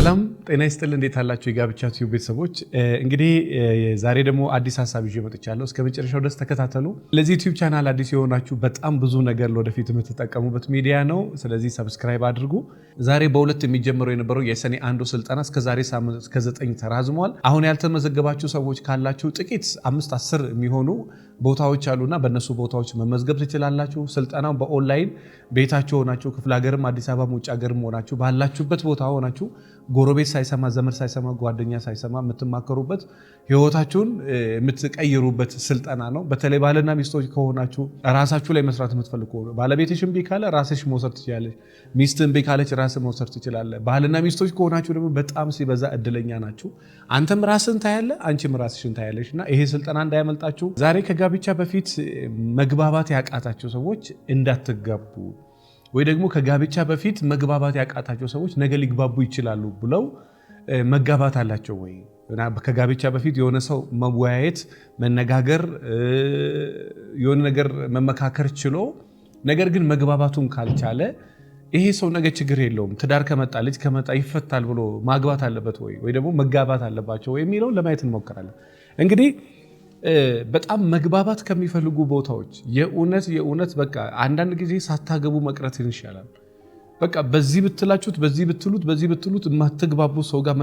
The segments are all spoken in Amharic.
ሰላም ጤና ይስጥል። እንዴት አላችሁ? የጋብቻ ቲዩብ ቤተሰቦች፣ እንግዲህ ዛሬ ደግሞ አዲስ ሀሳብ ይዤ መጥቻለሁ። እስከ መጨረሻው ደስ ተከታተሉ። ለዚህ ዩቲዩብ ቻናል አዲስ የሆናችሁ በጣም ብዙ ነገር ለወደፊት የምትጠቀሙበት ሚዲያ ነው። ስለዚህ ሰብስክራይብ አድርጉ። ዛሬ በሁለት የሚጀምረው የነበረው የሰኔ አንዱ ስልጠና እስከ ዛሬ ሳምንት እስከ ዘጠኝ ተራዝሟል። አሁን ያልተመዘገባችሁ ሰዎች ካላችሁ ጥቂት አምስት አስር የሚሆኑ ቦታዎች አሉና በእነሱ ቦታዎች መመዝገብ ትችላላችሁ። ስልጠናው በኦንላይን ቤታችሁ ሆናችሁ ክፍለ ሀገርም አዲስ አበባም ውጭ ሀገርም ሆናችሁ ባላችሁበት ቦታ ሆናችሁ ጎረቤት ሳይሰማ ዘመድ ሳይሰማ ጓደኛ ሳይሰማ የምትማከሩበት ህይወታችሁን የምትቀይሩበት ስልጠና ነው። በተለይ ባልና ሚስቶች ከሆናችሁ ራሳችሁ ላይ መስራት የምትፈልጉ ባለቤትሽ እምቢ ካለ ራስሽ መውሰድ ትችላለች። ሚስት እምቢ ካለች ራስ መውሰድ ትችላለ። ባልና ሚስቶች ከሆናችሁ ደግሞ በጣም ሲበዛ እድለኛ ናችሁ። አንተም ራስን ታያለ፣ አንቺም ራስሽን ታያለች። እና ይሄ ስልጠና እንዳያመልጣችሁ ዛሬ ከጋ ከጋብቻ በፊት መግባባት ያቃታቸው ሰዎች እንዳትጋቡ ወይ ደግሞ ከጋብቻ በፊት መግባባት ያቃታቸው ሰዎች ነገ ሊግባቡ ይችላሉ ብለው መጋባት አላቸው ወይ? ከጋብቻ በፊት የሆነ ሰው መወያየት፣ መነጋገር፣ የሆነ ነገር መመካከር ችሎ ነገር ግን መግባባቱን ካልቻለ ይሄ ሰው ነገ ችግር የለውም ትዳር ከመጣ ልጅ ከመጣ ይፈታል ብሎ ማግባት አለበት ወይ ወይ ደግሞ መጋባት አለባቸው ወይ የሚለውን ለማየት እንሞክራለን እንግዲህ በጣም መግባባት ከሚፈልጉ ቦታዎች የእውነት የእውነት በቃ አንዳንድ ጊዜ ሳታገቡ መቅረትን ይሻላል። በቃ በዚህ ብትላችሁት በዚህ ብትሉት በዚህ ብትሉት የማትግባቡ ሰው ጋር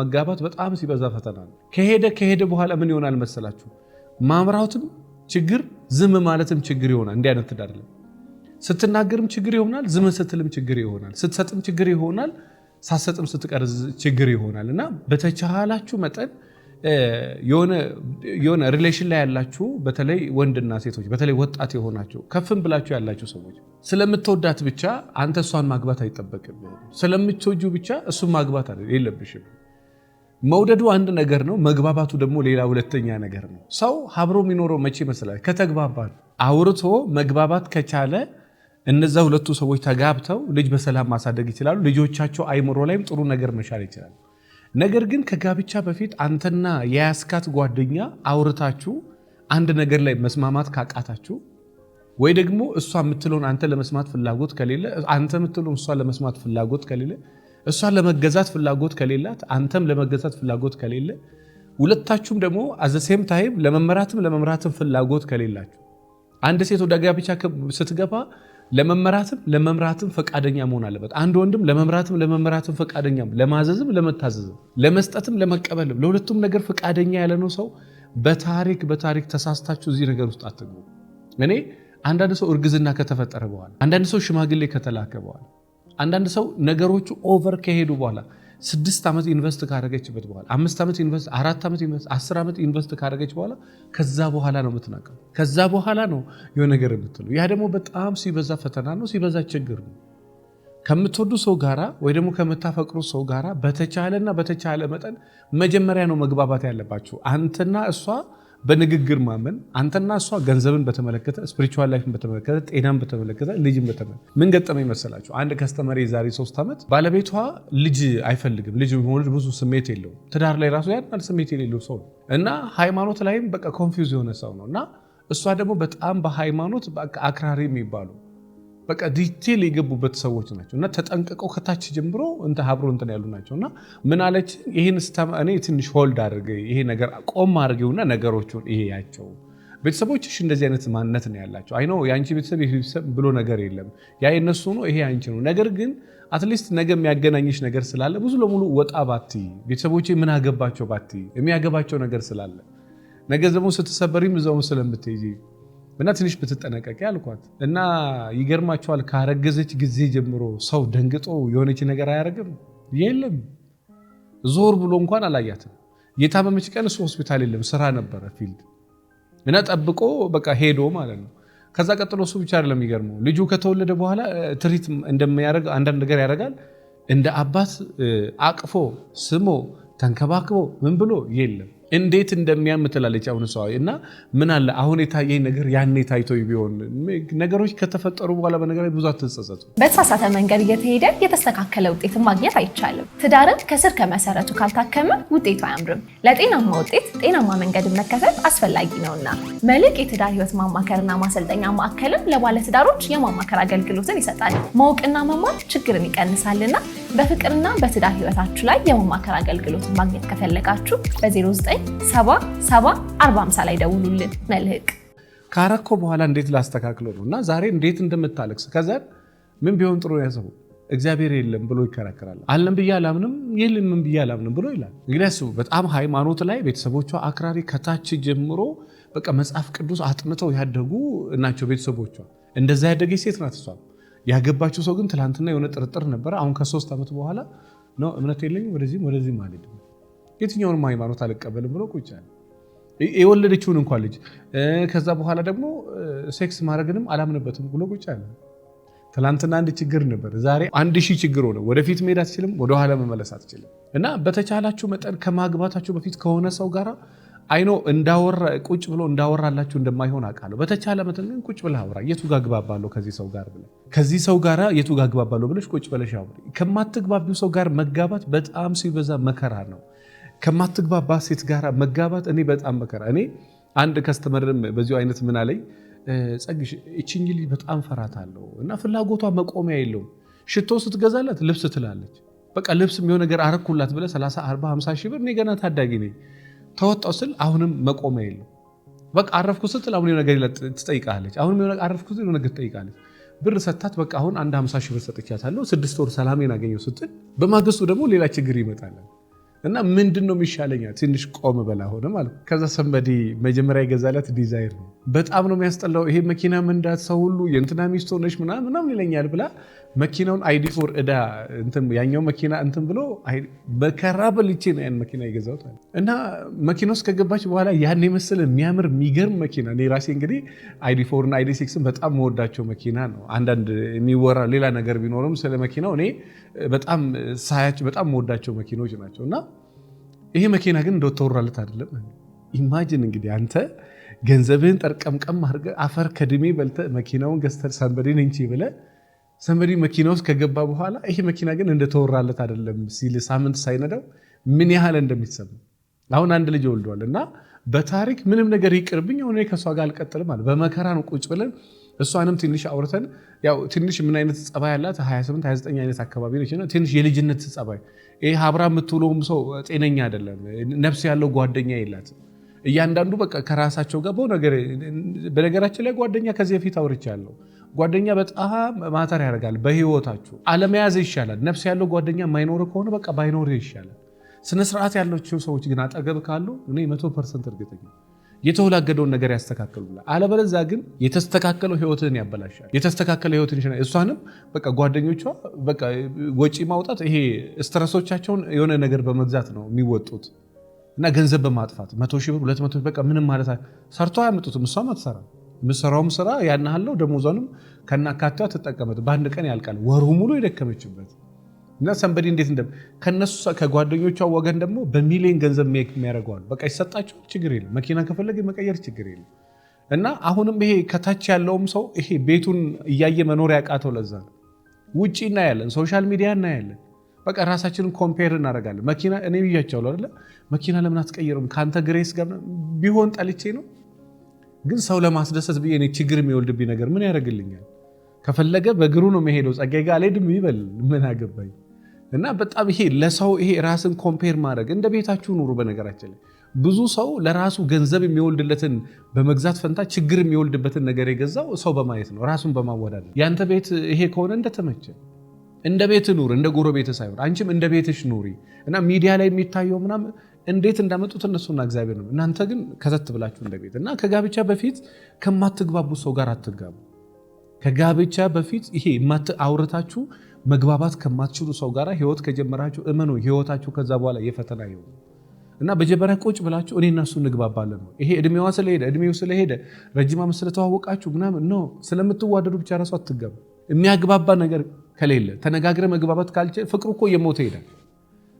መጋባት በጣም ሲበዛ ፈተና ነው። ከሄደ ከሄደ በኋላ ምን ይሆናል መሰላችሁ? ማምራትም ችግር ዝም ማለትም ችግር ይሆናል። እንዲህ አይነት ትዳር ስትናገርም ችግር ይሆናል፣ ዝም ስትልም ችግር ይሆናል፣ ስትሰጥም ችግር ይሆናል፣ ሳትሰጥም ስትቀር ችግር ይሆናል እና በተቻላችሁ መጠን የሆነ ሪሌሽን ላይ ያላችሁ በተለይ ወንድና ሴቶች በተለይ ወጣት የሆናችሁ ከፍም ብላችሁ ያላችሁ ሰዎች ስለምትወዳት ብቻ አንተ እሷን ማግባት አይጠበቅም። ስለምትወጁ ብቻ እሱን ማግባት የለብሽም። መውደዱ አንድ ነገር ነው፣ መግባባቱ ደግሞ ሌላ ሁለተኛ ነገር ነው። ሰው አብሮ የሚኖረው መቼ ይመስላል? ከተግባባ አውርቶ መግባባት ከቻለ እነዛ ሁለቱ ሰዎች ተጋብተው ልጅ በሰላም ማሳደግ ይችላሉ። ልጆቻቸው አይምሮ ላይም ጥሩ ነገር መሻል ይችላል። ነገር ግን ከጋብቻ በፊት አንተና የያስካት ጓደኛ አውርታችሁ አንድ ነገር ላይ መስማማት ካቃታችሁ ወይ ደግሞ እሷ የምትለውን አንተ ለመስማት ፍላጎት ከሌለ አንተ የምትለውን እሷ ለመስማት ፍላጎት ከሌለ እሷ ለመገዛት ፍላጎት ከሌላት አንተም ለመገዛት ፍላጎት ከሌለ ሁለታችሁም ደግሞ አዘሴም ታይም ለመመራትም ለመምራትም ፍላጎት ከሌላችሁ አንድ ሴት ወደ ጋብቻ ስትገባ ለመመራትም ለመምራትም ፈቃደኛ መሆን አለበት። አንድ ወንድም ለመምራትም ለመመራትም ፈቃደኛ፣ ለማዘዝም ለመታዘዝም፣ ለመስጠትም ለመቀበልም፣ ለሁለቱም ነገር ፈቃደኛ ያለ ነው ሰው በታሪክ በታሪክ ተሳስታችሁ እዚህ ነገር ውስጥ አትግቡ። እኔ አንዳንድ ሰው እርግዝና ከተፈጠረ በኋላ፣ አንዳንድ ሰው ሽማግሌ ከተላከ በኋላ፣ አንዳንድ ሰው ነገሮቹ ኦቨር ከሄዱ በኋላ ስድስት ዓመት ኢንቨስት ካደረገችበት በኋላ አምስት ዓመት ኢንቨስት አራት ዓመት ኢንቨስት አስር ዓመት ኢንቨስት ካደረገች በኋላ ከዛ በኋላ ነው የምትናቀው። ከዛ በኋላ ነው የሆነ ነገር የምትለው። ያ ደግሞ በጣም ሲበዛ ፈተና ነው፣ ሲበዛ ችግር ነው። ከምትወዱ ሰው ጋራ ወይ ደግሞ ከምታፈቅሩ ሰው ጋራ በተቻለና በተቻለ መጠን መጀመሪያ ነው መግባባት ያለባችሁ አንተና እሷ በንግግር ማመን አንተና እሷ ገንዘብን በተመለከተ ስፒሪቹዋል ላይፍን በተመለከተ ጤናን በተመለከተ ልጅን በተመለከተ ምን ገጠመ መሰላችሁ? አንድ ከስተመሪ የዛሬ ሶስት ዓመት ባለቤቷ ልጅ አይፈልግም። ልጅ መውለድ ብዙ ስሜት የለውም። ትዳር ላይ ራሱ ያን ስሜት የሌለው ሰው ነው እና ሃይማኖት ላይም በቃ ኮንፊውዝ የሆነ ሰው ነው እና እሷ ደግሞ በጣም በሃይማኖት አክራሪ የሚባሉ በቃ ዲቴል የገቡበት ሰዎች ናቸው እና ተጠንቅቀው ከታች ጀምሮ እንተ አብሮ እንትን ያሉ ናቸው እና ምን አለች ይህን ስታማ እኔ ትንሽ ሆልድ አድርገ ይሄ ነገር ቆም አድርገውና ነገሮቹን ይሄ ያቸው ቤተሰቦችሽ እንደዚህ አይነት ማንነት ነው ያላቸው። አይ ነው የአንቺ ቤተሰብ ቤተሰብ ብሎ ነገር የለም። ያ የነሱ ነው፣ ይሄ አንቺ ነው። ነገር ግን አትሊስት ነገ የሚያገናኝሽ ነገር ስላለ ብዙ ለሙሉ ወጣ ባቲ ቤተሰቦች ምን አገባቸው ባቲ የሚያገባቸው ነገር ስላለ ነገ ደግሞ ስትሰበሪም እዛውም ስለምትይዚ እና ትንሽ ብትጠነቀቅ ያልኳት እና ይገርማቸዋል። ካረገዘች ጊዜ ጀምሮ ሰው ደንግጦ የሆነች ነገር አያደርግም የለም። ዞር ብሎ እንኳን አላያትም። የታመመች ቀን እሱ ሆስፒታል የለም ስራ ነበረ ፊልድ እና ጠብቆ በቃ ሄዶ ማለት ነው። ከዛ ቀጥሎ እሱ ብቻ አይደለም የሚገርመው ልጁ ከተወለደ በኋላ ትሪት እንደሚያደርግ አንዳንድ ነገር ያደርጋል። እንደ አባት አቅፎ ስሞ ተንከባክቦ ምን ብሎ የለም እንዴት እንደሚያም ትላለች አሁን ሰዋ እና ምን አለ አሁን የታየኝ ነገር ያኔ ታይቶ ቢሆን ነገሮች ከተፈጠሩ በኋላ በነገር ላይ ብዙ አትጸጸቱ። በተሳሳተ መንገድ እየተሄደ የተስተካከለ ውጤትን ማግኘት አይቻልም። ትዳርን ከስር ከመሰረቱ ካልታከመ ውጤቱ አያምርም። ለጤናማ ውጤት ጤናማ መንገድ መከተል አስፈላጊ ነውና መልሕቅ የትዳር ህይወት ማማከርና ማሰልጠኛ ማዕከልም ለባለትዳሮች የማማከር አገልግሎትን ይሰጣል። ማወቅና መማር ችግርን ይቀንሳልና በፍቅርና በትዳር ህይወታችሁ ላይ የማማከር አገልግሎትን ማግኘት ከፈለጋችሁ በ09 97740 ላይ ደውሉልን። መልህቅ ካረኮ በኋላ እንዴት ላስተካክለው ነው እና ዛሬ እንዴት እንደምታለቅስ ከዛ ምን ቢሆን ጥሩ ያሰቡ እግዚአብሔር የለም ብሎ ይከራከራል። አለም ብዬ አላምንም የለም ብዬ አላምንም ብሎ ይላል። እንግዲህ ያስቡ። በጣም ሃይማኖት ላይ ቤተሰቦቿ አክራሪ ከታች ጀምሮ በቃ መጽሐፍ ቅዱስ አጥንተው ያደጉ ናቸው ቤተሰቦቿ። እንደዛ ያደገች ሴት ናት እሷ። ያገባቸው ሰው ግን ትናንትና የሆነ ጥርጥር ነበረ። አሁን ከሶስት ዓመት በኋላ ነው እምነት የለኝም ወደዚህም ወደዚህም ማለት የትኛውንም ሃይማኖት አልቀበልም ብሎ ቁጭ አለ። የወለደችውን እንኳን ልጅ ከዛ በኋላ ደግሞ ሴክስ ማድረግንም አላምንበትም ብሎ ቁጭ አለ። ትላንትና አንድ ችግር ነበር፣ ዛሬ አንድ ሺህ ችግር ሆነ። ወደፊት መሄድ አትችልም፣ ወደኋላ መመለስ አትችልም። እና በተቻላችሁ መጠን ከማግባታችሁ በፊት ከሆነ ሰው ጋር አይኖ እንዳወራ ቁጭ ብሎ እንዳወራላችሁ እንደማይሆን አውቃለሁ። በተቻለ መጠን ግን ቁጭ ብለህ አውራ። የቱ ጋር ግባባለሁ ከዚህ ሰው ጋር ብለህ ከዚህ ሰው ጋር የቱ ጋር ግባባለሁ ብለሽ ቁጭ ብለሽ አውሪ። ከማትግባቢው ሰው ጋር መጋባት በጣም ሲበዛ መከራ ነው። ከማትግባባ ሴት ጋር መጋባት እኔ በጣም መከራ። እኔ አንድ ከስተመርም በዚሁ አይነት ምን አለኝ፣ ጸግሽ እችኝ ልጅ በጣም ፈራታለሁ እና ፍላጎቷ መቆሚያ የለውም። ሽቶ ስትገዛላት ልብስ ትላለች። በቃ ልብስ የሚሆን ነገር አረኩላት ብለህ 30፣ 40፣ 50 ሺህ ብር እኔ ገና ታዳጊ ነኝ ተወጣው ስል አሁንም መቆሚያ የለውም። በቃ አረፍኩ ስትል አሁን ነገር ትጠይቃለች። አሁን አረፍኩ ስትል ነገር ትጠይቃለች። ብር ሰታት በቃ አሁን አንድ 50 ሺህ ብር ሰጥቻታለሁ ስድስት ወር ሰላሜን አገኘው ስትል በማግስቱ ደግሞ ሌላ ችግር ይመጣል። እና ምንድን ነው የሚሻለኛ ትንሽ ቆም በላ ሆነ ማለት ከዛ ሰንበዲ መጀመሪያ የገዛላት ዲዛይር ነው። በጣም ነው የሚያስጠላው ይሄ መኪና መንዳት ሰው ሁሉ የእንትና ሚስት ሆነች ምናምን ምናምን ይለኛል ብላ መኪናውን አይዲ ፎር እዳ ያኛው መኪና እንትን ብሎ በከራ በልቼ ነው ያን መኪና የገዛሁት እና መኪና ውስጥ ከገባች በኋላ ያን የመሰለ የሚያምር የሚገርም መኪና እኔ ራሴ እንግዲህ አይዲ ፎር እና አይዲ ሲክስን በጣም መወዳቸው መኪና ነው። አንዳንድ የሚወራ ሌላ ነገር ቢኖርም ስለ መኪናው እኔ በጣም ሳያቸው በጣም መወዳቸው መኪናዎች ናቸው እና ይሄ መኪና ግን እንደተወራለት አይደለም። ኢማጂን እንግዲህ አንተ ገንዘብህን ጠርቀምቀም አድርገህ አፈር ከድሜ በልተህ መኪናውን ገዝተህ ሰንበዴን እንቺ ብለህ ሰመሪ መኪና ውስጥ ከገባ በኋላ ይሄ መኪና ግን እንደተወራለት አይደለም ሲል ሳምንት ሳይነዳው ምን ያህል እንደሚሰማ አሁን አንድ ልጅ ወልዷል እና በታሪክ ምንም ነገር ይቅርብኝ ሆነ ከእሷ ጋር አልቀጥልም አለ። በመከራ ነው ቁጭ ብለን እሷንም ትንሽ አውርተን ያው ትንሽ ምን አይነት ጸባይ ያላት 28 29 አይነት አካባቢ ነች ትንሽ የልጅነት ጸባይ ይሄ ሀብራ የምትውለውም ሰው ጤነኛ አይደለም። ነፍስ ያለው ጓደኛ የላት። እያንዳንዱ በቃ ከራሳቸው ጋር በነገራችን ላይ ጓደኛ ከዚህ በፊት አውርቻለሁ ጓደኛ በጣም ማተር ያደርጋል በህይወታችሁ። አለመያዝ ይሻላል። ነፍስ ያለው ጓደኛ ማይኖር ከሆነ በቃ ባይኖር ይሻላል። ስነስርዓት ያላቸው ሰዎች ግን አጠገብ ካሉ እኔ መቶ ፐርሰንት እርግጠኛ የተወላገደውን ነገር ያስተካከሉላል። አለበለዚያ ግን የተስተካከለው ህይወትን ያበላሻል። የተስተካከለ ህይወትን ይችላል። እሷንም በቃ ጓደኞቿ በቃ ወጪ ማውጣት ይሄ ስትረሶቻቸውን የሆነ ነገር በመግዛት ነው የሚወጡት እና ገንዘብ በማጥፋት መቶ ሺህ ብር ሁለት መቶ በቃ ምንም ማለት ሰርቶ አያመጡትም። እሷም አትሰራም። የምሰራውም ስራ ያናሃለው ደሞዟንም ከናካቴዋ ተጠቀመት በአንድ ቀን ያልቃል ወሩ ሙሉ የደከመችበት እና ሰንበዲ እንዴት እንደ ከነሱ ከጓደኞቿ ወገን ደግሞ በሚሊዮን ገንዘብ የሚያደርገዋል። በቃ ይሰጣቸው ችግር የለም መኪና ከፈለገ መቀየር ችግር የለም። እና አሁንም ይሄ ከታች ያለውም ሰው ይሄ ቤቱን እያየ መኖር ያቃተው ለዛ ነው። ውጭ እናያለን፣ ሶሻል ሚዲያ እናያለን። በቃ ራሳችንን ኮምፔር እናደርጋለን። መኪና እኔ ብያቸዋለሁ አይደለ? መኪና ለምን አትቀይርም? ከአንተ ግሬስ ጋር ቢሆን ጠልቼ ነው ግን ሰው ለማስደሰት ብዬ እኔ ችግር የሚወልድብኝ ነገር ምን ያደርግልኛል? ከፈለገ በእግሩ ነው መሄደው። ጸጋዬ ጋር አልሄድም ይበል፣ ምን አገባኝ። እና በጣም ይሄ ለሰው ይሄ ራስን ኮምፔር ማድረግ እንደ ቤታችሁ ኑሩ። በነገራችን ላይ ብዙ ሰው ለራሱ ገንዘብ የሚወልድለትን በመግዛት ፈንታ ችግር የሚወልድበትን ነገር የገዛው ሰው በማየት ነው፣ ራሱን በማወዳደ ያንተ ቤት ይሄ ከሆነ እንደተመቸ እንደ ቤት ኑር፣ እንደ ጎረቤት ሳይሆን አንቺም እንደ ቤትሽ ኑሪ እና ሚዲያ ላይ የሚታየው ምናምን እንዴት እንዳመጡት እነሱና እግዚአብሔር ነው። እናንተ ግን ከተት ብላችሁ እንደቤት እና ከጋብቻ በፊት ከማትግባቡ ሰው ጋር አትጋቡ። ከጋብቻ በፊት ይሄ አውርታችሁ መግባባት ከማትችሉ ሰው ጋር ህይወት ከጀመራችሁ እመኑ፣ ህይወታችሁ ከዛ በኋላ የፈተና ይሆኑ እና በጀበሪያ ቁጭ ብላችሁ እኔ እናሱ እንግባባለን ነው። ይሄ እድሜዋ ስለሄደ እድሜው ስለሄደ ረጅም ዓመት ስለተዋወቃችሁ ምናምን ነው ስለምትዋደዱ ብቻ ራሱ አትገቡ። የሚያግባባ ነገር ከሌለ ተነጋግረ መግባባት ካልችል ፍቅሩ እኮ እየሞተ ሄዳል።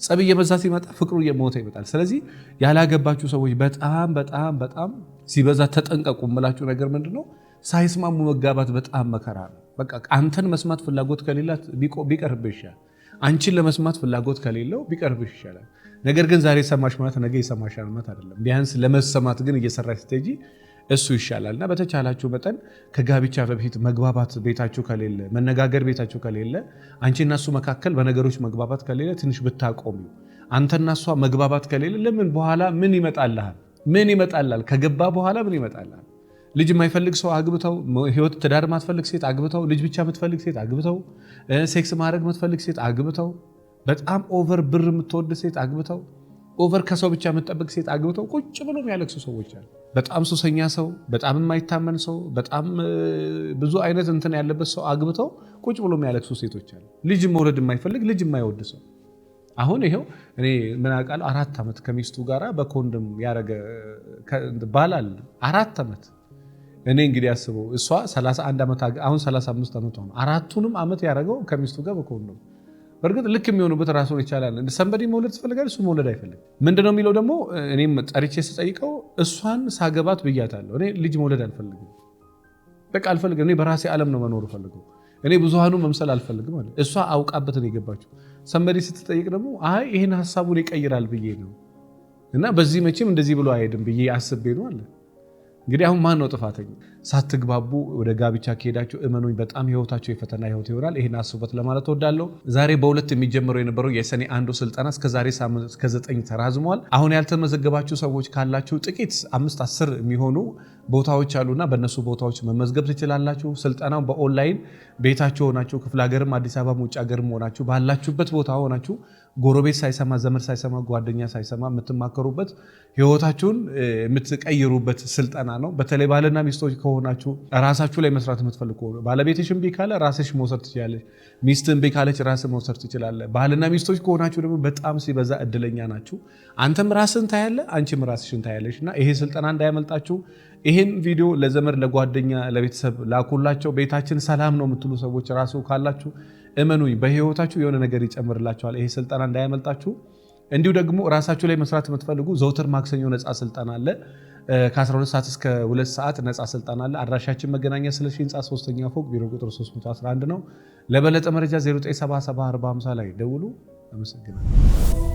ጸብ እየበዛ ሲመጣ ፍቅሩ እየሞተ ይመጣል። ስለዚህ ያላገባችሁ ሰዎች በጣም በጣም በጣም ሲበዛ ተጠንቀቁ። የምላችሁ ነገር ምንድነው ሳይስማሙ መጋባት በጣም መከራ ነው። በቃ አንተን መስማት ፍላጎት ከሌላት ቢቀርብህ ይሻል፣ አንቺን ለመስማት ፍላጎት ከሌለው ቢቀርብሽ ይሻላል። ነገር ግን ዛሬ ሰማሽ ማለት ነገ ይሰማሻል ማለት አይደለም። ቢያንስ ለመሰማት ግን እየሰራሽ ስትሄጂ እሱ ይሻላል እና በተቻላችሁ መጠን ከጋብቻ በፊት መግባባት ቤታችሁ ከሌለ መነጋገር ቤታችሁ ከሌለ አንቺና እሱ መካከል በነገሮች መግባባት ከሌለ ትንሽ ብታቆሙ፣ አንተና እሷ መግባባት ከሌለ ለምን በኋላ ምን ይመጣልሃል? ምን ይመጣልሃል? ከገባ በኋላ ምን ይመጣልሃል? ልጅ የማይፈልግ ሰው አግብተው፣ ህይወት ትዳር ማትፈልግ ሴት አግብተው፣ ልጅ ብቻ የምትፈልግ ሴት አግብተው፣ ሴክስ ማድረግ የምትፈልግ ሴት አግብተው፣ በጣም ኦቨር ብር የምትወድ ሴት አግብተው ኦቨር ከሰው ብቻ መጠበቅ ሴት አግብተው ቁጭ ብሎ የሚያለቅሱ ሰዎች አሉ። በጣም ሱሰኛ ሰው፣ በጣም የማይታመን ሰው፣ በጣም ብዙ አይነት እንትን ያለበት ሰው አግብተው ቁጭ ብሎ የሚያለቅሱ ሴቶች አሉ። ልጅ መውለድ የማይፈልግ ልጅ የማይወድ ሰው አሁን ይሄው እኔ ምን አውቃለሁ አራት ዓመት ከሚስቱ ጋር በኮንዶም ያደረገ ባል አለ። አራት ዓመት እኔ እንግዲህ አስበው እሷ 31 ዓመት አሁን 35 ዓመት ሆነ። አራቱንም ዓመት ያደረገው ከሚስቱ ጋር በኮንዶም በእርግጥ ልክ የሚሆኑበት ራሱን ይቻላል። ሰንበዲ መውለድ ትፈልጋል፣ እሱ መውለድ አይፈልግ ምንድነው የሚለው ደግሞ እኔም ጠሪቼ ስጠይቀው እሷን ሳገባት ብያታለሁ። እኔ ልጅ መውለድ አልፈልግም፣ በቃ አልፈልግም። እኔ በራሴ ዓለም ነው መኖሩ ፈልገው። እኔ ብዙሃኑ መምሰል አልፈልግም አለ። እሷ አውቃበት ነው የገባችው። ሰንበዲ ስትጠይቅ ደግሞ አይ ይህን ሀሳቡን ይቀይራል ብዬ ነው እና በዚህ መቼም እንደዚህ ብሎ አይሄድም ብዬ አስቤ ነው አለ። እንግዲህ አሁን ማን ነው ጥፋተኛ? ሳትግባቡ ወደ ጋብቻ ከሄዳችሁ እመኑኝ በጣም ህይወታቸው የፈተና ህይወት ይሆናል። ይህን አስቡበት ለማለት ወዳለሁ። ዛሬ በሁለት የሚጀምረው የነበረው የሰኔ አንዱ ስልጠና እስከዛሬ ሳምንት እስከ ዘጠኝ ተራዝሟል። አሁን ያልተመዘገባችሁ ሰዎች ካላችሁ ጥቂት አምስት አስር የሚሆኑ ቦታዎች አሉና በእነሱ ቦታዎች መመዝገብ ትችላላችሁ። ስልጠናው በኦንላይን ቤታችሁ ሆናችሁ ክፍለ ሀገርም አዲስ አበባ ውጭ ሀገርም ሆናችሁ ባላችሁበት ቦታ ሆናችሁ ጎረቤት ሳይሰማ ዘመድ ሳይሰማ ጓደኛ ሳይሰማ የምትማከሩበት ህይወታችሁን የምትቀይሩበት ስልጠና ነው። በተለይ ባልና ሚስቶች ከሆናችሁ ራሳችሁ ላይ መስራት የምትፈልግ ከሆኑ ባለቤትሽ እምቢ ካለ ራስሽ መውሰድ ትችላለች። ሚስት እምቢ ካለች ራስ መውሰድ ትችላለ። ባልና ሚስቶች ከሆናችሁ ደግሞ በጣም ሲበዛ እድለኛ ናችሁ። አንተም ራስን ታያለ፣ አንቺም ራስሽን ታያለች። እና ይሄ ስልጠና እንዳያመልጣችሁ። ይህን ቪዲዮ ለዘመድ ለጓደኛ፣ ለቤተሰብ ላኩላቸው። ቤታችን ሰላም ነው የምትሉ ሰዎች ራሱ ካላችሁ እመኑኝ፣ በህይወታችሁ የሆነ ነገር ይጨምርላቸዋል ይሄ ስልጠና እንዳያመልጣችሁ። እንዲሁ ደግሞ ራሳችሁ ላይ መስራት የምትፈልጉ ዘውትር ማክሰኞ ነፃ ስልጠና አለ። ከ12 ሰዓት እስከ 2 ሰዓት ነፃ ስልጠና አለ። አድራሻችን መገናኛ ስለሺ ህንፃ ሶስተኛ ፎቅ ቢሮ ቁጥር 311 ነው። ለበለጠ መረጃ 097745 ላይ ደውሉ። አመሰግናለሁ።